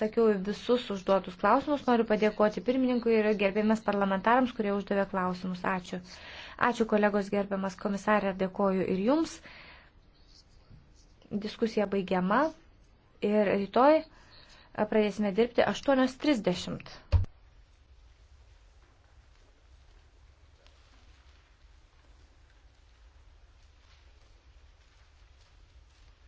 atsakiau į visus užduotus klausimus. Noriu padėkoti pirmininkui ir gerbėmės parlamentarams, kurie uždavė klausimus. Ačiū. Ačiū kolegos gerbiamas komisarė, dėkoju ir jums. Diskusija baigiama ir rytoj pradėsime dirbti 8.30.